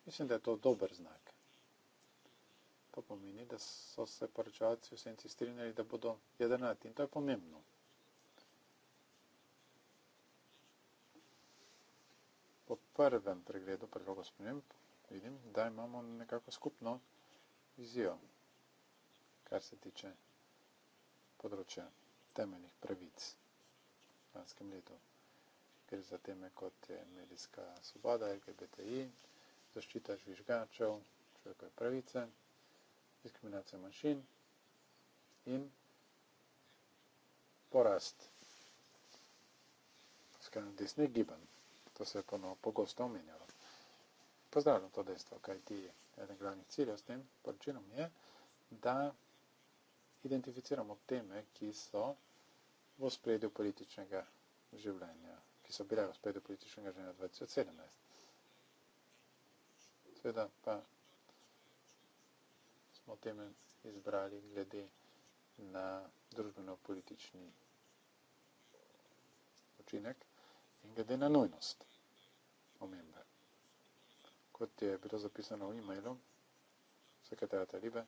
mislim, da je to dober znak. To pomeni, da so se poročevalci v senci strinjali, da bodo jedrnati in to je pomembno. Po prvem pregledu predlogov sprememb vidim, da imamo nekako skupno vizijo, kar se tiče področja temeljnih pravic v lanskem letu. Gre za teme kot je medijska svoboda, LGBTI, zaščita žvižgačev, človekove pravice, diskriminacija manjšin in porast desnih gibanj. To se je ponovno pogosto omenjalo. Pozdravljam to dejstvo, kaj ti je eden glavnih ciljev s tem poročilom je, da identificiramo teme, ki so v spredju političnega življenja, ki so bile v spredju političnega življenja 2017. Seveda pa smo teme izbrali glede na družbeno-politični učinek in glede na nujnost omembe. Kot je bilo zapisano v e-mailu sekretarja Talibe,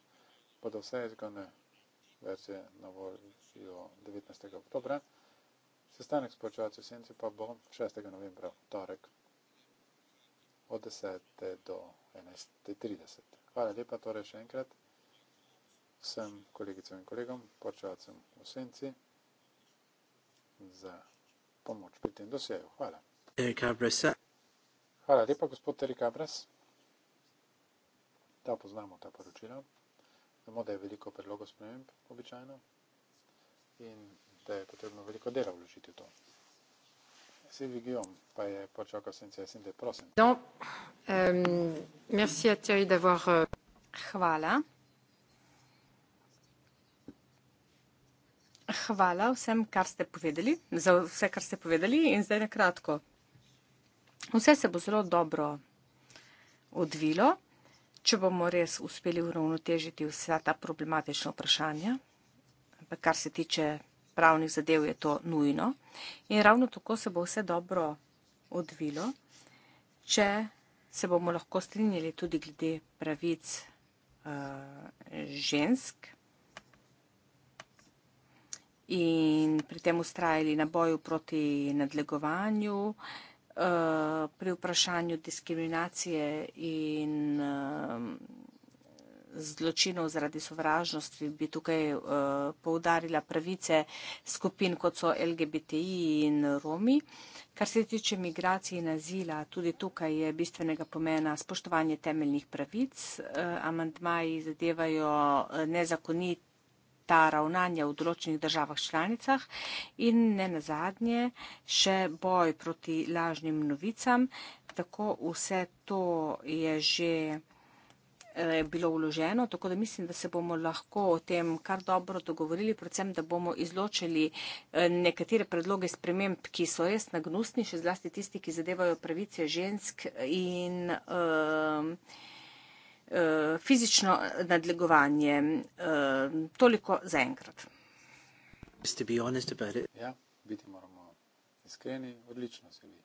bodo vse izgone verzije na voljo 19. oktobra. Sestanek s počevalci v senci pa bo 6. novembra, torek, od 10. do 11.30. Hvala lepa torej še enkrat vsem kolegicam in kolegom, počevalcem v senci za pomoč pri tem dosjeju. Hvala. Hvala lepa, gospod Terik Abras, da poznamo ta poročila. Vemo, da je veliko predlogov sprememb običajno in da je potrebno veliko dela vložiti v to. Sylvie Guillaume, pa je počakal sem se, sem te prosim. Don, um, euh, merci a Thierry d'avoir... Euh, Hvala. Hvala vsem, kar ste povedali, za vse, kar ste povedali in zdaj na kratko. Vse se bo zelo dobro odvilo, če bomo res uspeli uravnotežiti vsa ta problematična vprašanja, kar se tiče pravnih zadev, je to nujno. In ravno tako se bo vse dobro odvilo, če se bomo lahko strinjali tudi glede pravic eh, žensk in pri tem ustrajali na boju proti nadlegovanju, Eh, pri vprašanju diskriminacije in eh, zločinov zaradi sovražnosti bi tukaj uh, poudarila pravice skupin, kot so LGBTI in Romi. Kar se tiče migracij in azila, tudi tukaj je bistvenega pomena spoštovanje temeljnih pravic. Uh, amandmaji zadevajo nezakonit ta ravnanja v določenih državah članicah in ne nazadnje še boj proti lažnim novicam. Tako vse to je že eh, bilo vloženo, tako da mislim, da se bomo lahko o tem kar dobro dogovorili, predvsem, da bomo izločili eh, nekatere predloge sprememb, ki so res nagnusni, še zlasti tisti, ki zadevajo pravice žensk in um, Eh, fizično nadlegovanje. Eh, toliko za enkrat. Ste bili honest about it? Ja, biti moramo iskreni, odlično se vi.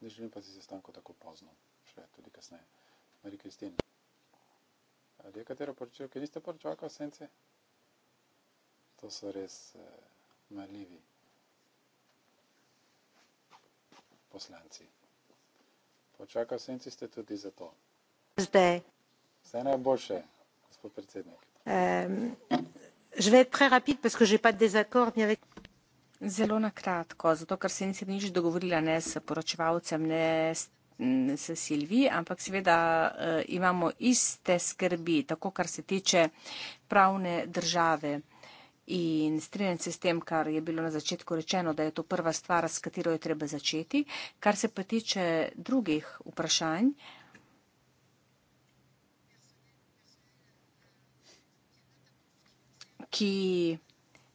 Ne želim pa si sestanko tako pozno, še tudi kasneje. Mari Kristina, ali je katero poročilo, ki niste poročali, kako sence? To so res eh, maljivi poslanci. Počaka v senci ste tudi za to. Zdaj. Vse najboljše, gospod predsednik. Je vais être très rapide parce que j'ai pas de désaccord ni avec Zelo na kratko, zato ker se nisem nič dogovorila ne s poročevalcem, ne s s Silvi, ampak seveda uh, imamo iste skrbi, tako kar se tiče pravne države in strinjam se s tem, kar je bilo na začetku rečeno, da je to prva stvar, s katero je treba začeti. Kar se pa tiče drugih vprašanj. ki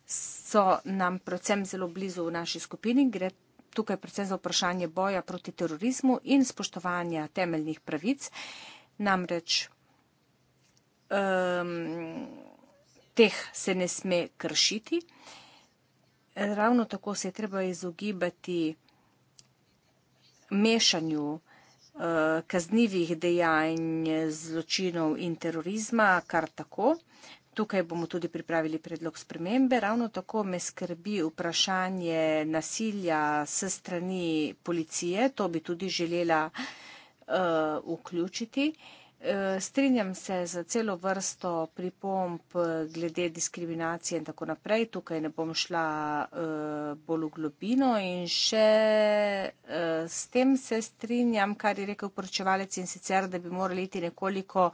so nam predvsem zelo blizu v naši skupini. Gre tukaj predvsem za vprašanje boja proti terorizmu in spoštovanja temeljnih pravic. Namreč um, teh se ne sme kršiti. Ravno tako se je treba izogibati mešanju eh, kaznivih dejanj, zločinov in terorizma, kar tako. Tukaj bomo tudi pripravili predlog spremembe. Ravno tako me skrbi vprašanje nasilja s strani policije. To bi tudi želela uh, vključiti. Uh, Eh, strinjam se za celo vrsto pripomp eh, glede diskriminacije in tako naprej. Tukaj ne bom šla eh, bolj v globino in še s tem se strinjam, kar je rekel poročevalec in sicer, da bi morali iti nekoliko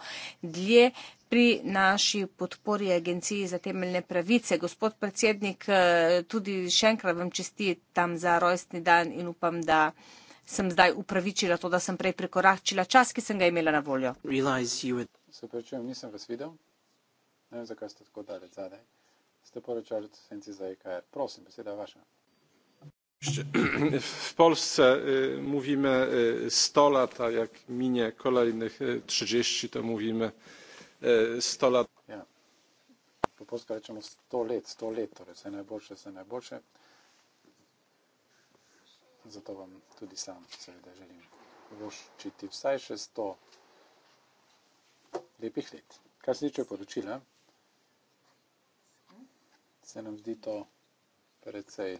dlje pri naši podpori Agenciji za temeljne pravice. Gospod predsednik, tudi še enkrat vam čestitam za rojstni dan in upam, da sem zdaj upravičila to, da sem prej prekoračila čas, ki sem ga imela na voljo. Se pravičujem, nisem vas videl. Ne vem, zakaj ste tako daleč zadaj. Ste poročali v senci za EKR. Prosim, beseda je vaša. W Polsce mówimy 100 lat, a jak minie kolejnych 30, to mówimy 100 lat. Ja. Po polsku mówimy 100 lat, 100 lat, to jest najlepsze, najlepsze. Zato vam tudi sam seveda želim voščiti vsaj še sto lepih let. Kar se tiče poročila, se nam zdi to predvsej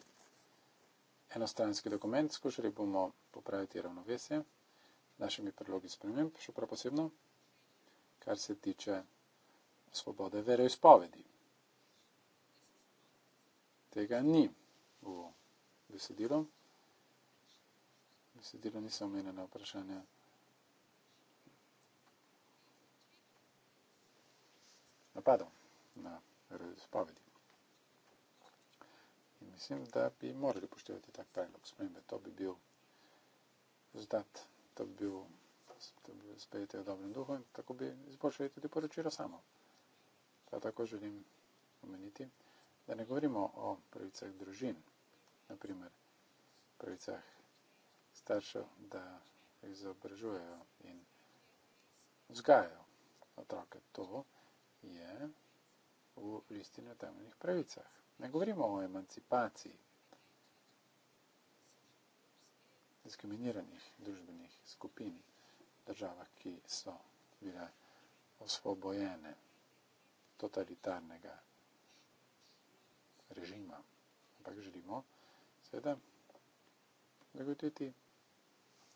enostranski dokument. Skušali bomo popraviti ravnovesje našimi predlogi sprememb, še prav posebno, kar se tiče svobode vere izpovedi. Tega ni v besedilu besedilo niso omenjena vprašanja. Napadov na spovedi. In mislim, da bi morali upoštevati tak predlog spremembe. To bi bil rezultat, to bi bil, to bi spet v dobrem duhu in tako bi izboljšali tudi poročilo samo. Pa tako želim omeniti, da ne govorimo o pravicah družin, naprimer pravicah staršev, da izobražujejo in vzgajajo otroke. To je v listini o temeljnih pravicah. Ne govorimo o emancipaciji diskriminiranih družbenih skupin v državah, ki so bile osvobojene totalitarnega režima. Ampak želimo seveda zagotoviti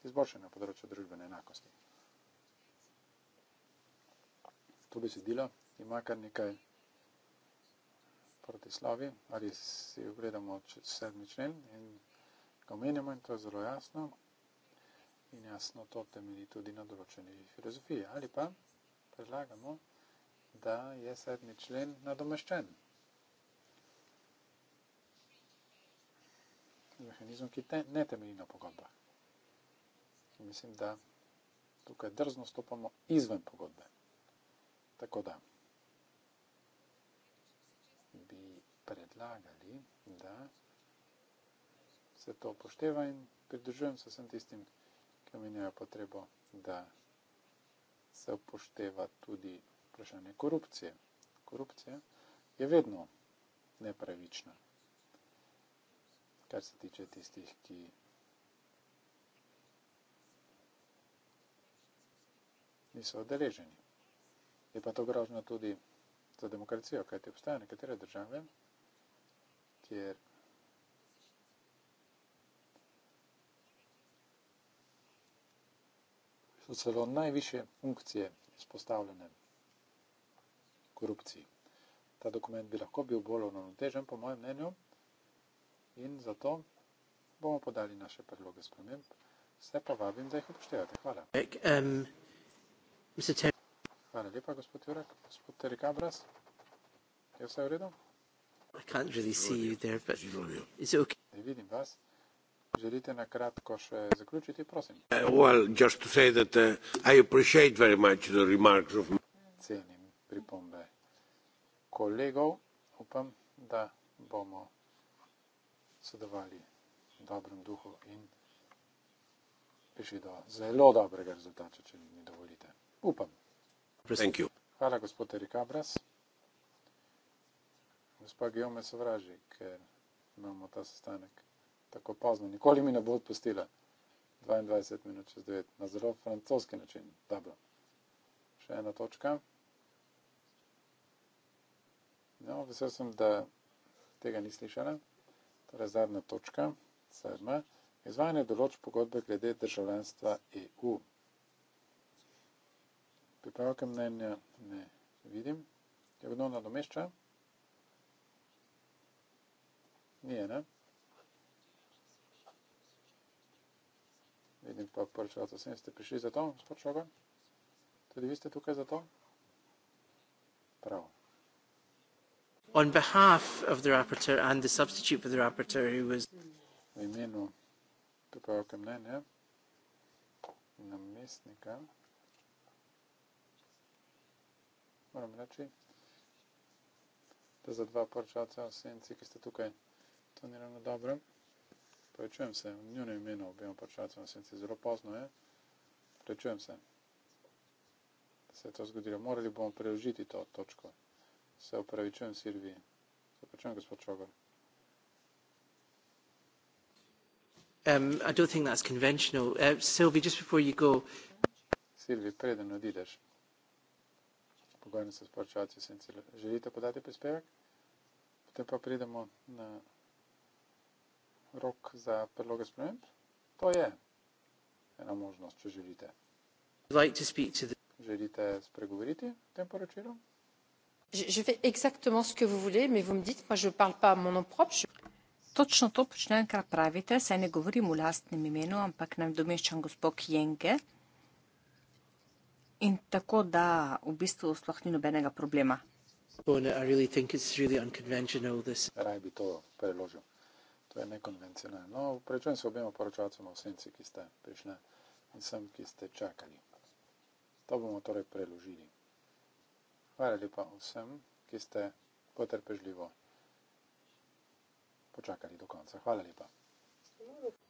izboljšanja področja družbene enakosti. To besedilo ima kar nekaj protislavi, ali si ogledamo sedmi člen in ga omenjamo in to je zelo jasno. In jasno to temeli tudi na določeni filozofiji. Ali pa predlagamo, da je sedmi člen nadomeščen. Mehanizem, ki te, ne temelji na pogodbah mislim, da tukaj drzno stopamo izven pogodbe. Tako da bi predlagali, da se to upošteva in pridružujem se vsem tistim, ki omenjajo potrebo, da se upošteva tudi vprašanje korupcije. Korupcija je vedno nepravična, kar se tiče tistih, ki niso odeleženi. Je pa to grožno tudi za demokracijo, kajti obstajajo nekatere države, kjer so celo najviše funkcije izpostavljene korupciji. Ta dokument bi lahko bil bolj onotežen, po mojem mnenju, in zato bomo podali naše predloge sprememb. Vse pa vabim, da jih upoštevate. Hvala. Um. Hvala lepa, gospod Jurek. Gospod Terik Abras, je vse v redu? Ne vidim vas. Želite na kratko še zaključiti, prosim? Eh, eh, Cenim pripombe kolegov. Upam, da bomo sodelovali v dobrem duhu in prišli do zelo dobrega rezultata, če mi dovolite. Upam. Hvala, gospod Erik Abras. Gospa Gijome sovraži, ker imamo ta sestanek tako pozno. Nikoli mi ne bo odpustila. 22 minut čez 9. Na zelo francoski način. Dobro. Še ena točka. No, vesel sem, da tega ni slišala. Torej, zadnja točka, sedma. Izvajanje določ pogodbe glede državljanstva EU pravke mnenja ne vidim. Je vedno nadomešča? Nije, ne? Vidim pa prvi čas, vsem ste prišli za to, gospod Šoga. Tudi vi ste tukaj za to? Prav. On behalf of the rapporteur and the substitute for the rapporteur, who was. In imenu, mnenja, namestnika, moram reči, da za dva porčata v senci, ki ste tukaj, to ni ravno dobro. Povečujem se, v njenem imenu objema porčata v senci, zelo pozno je. Povečujem se, da se je to zgodilo. Morali bomo preložiti to točko. Se upravičujem Silviji. Se upravičujem, gospod Čogar. Um, I don't think that's conventional. Uh, Sylvie, just before you go. Sylvie, preden odideš pogajanje s sporočilci, se jim celo želite podati prispevek. Potem pa pridemo na rok za predloge sprememb. To je ena možnost, če želite. Like želite spregovoriti o tem poročilu? Je fais exactement ce que vous voulez, mais vous me dites, moi je ne parle pas à mon nom propre. Je... Точно то почнем, как правите, сега не говорим у ластным имену, ампак нам домещан господ Йенге. In tako, da v bistvu sploh ni nobenega problema. Raj bi to preložil. To je nekonvencionalno. No, Prečujem se objema poročavcema osemci, ki ste prišli in sem, ki ste čakali. To bomo torej preložili. Hvala lepa vsem, ki ste potrpežljivo počakali do konca. Hvala lepa. Hvala lepa.